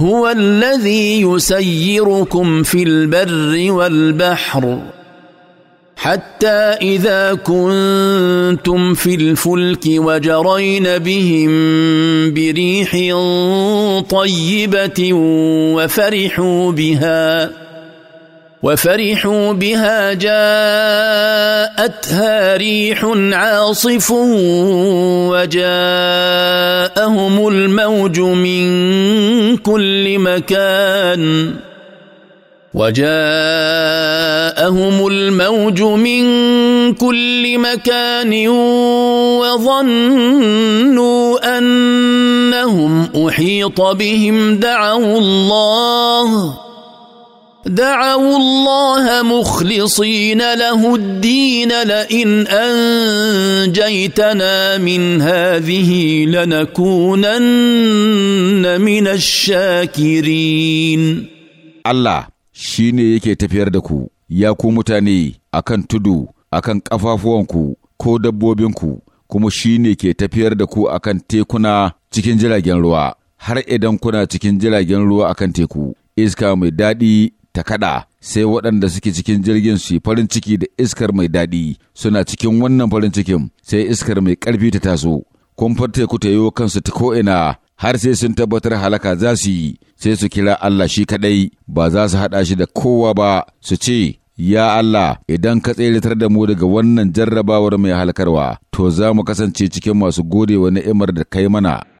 هو الذي يسيركم في البر والبحر حتى اذا كنتم في الفلك وجرين بهم بريح طيبه وفرحوا بها وفرحوا بها جاءتها ريح عاصف وجاءهم الموج من كل مكان وجاءهم الموج من كل مكان وظنوا انهم احيط بهم دعوا الله دعوا الله مخلصين له الدين لئن انجيتنا من هذه لنكونن من الشاكرين الله shine yake tafiyar da ku ya ku mutane akan tudu akan ƙafafuwanku ko dabbobinku kuma shine ke tafiyar da ku akan tekuna cikin jiragen ruwa har idan kuna cikin jiragen ruwa akan teku iska mai daɗi ta kada sai waɗanda suke cikin jirgin su farin ciki da iskar mai daɗi suna cikin wannan farin cikin sai iskar mai ƙarfi ta taso kumfar teku ta yiwo kansu ta ko'ina har sai sun tabbatar halaka za su yi sai su kira Allah shi kaɗai ba za su haɗa shi da kowa ba su ce Ya Allah, idan ka tseratar da mu daga wannan jarrabawar mai halkarwa, to za mu kasance cikin masu gode wa ni'imar da kai mana.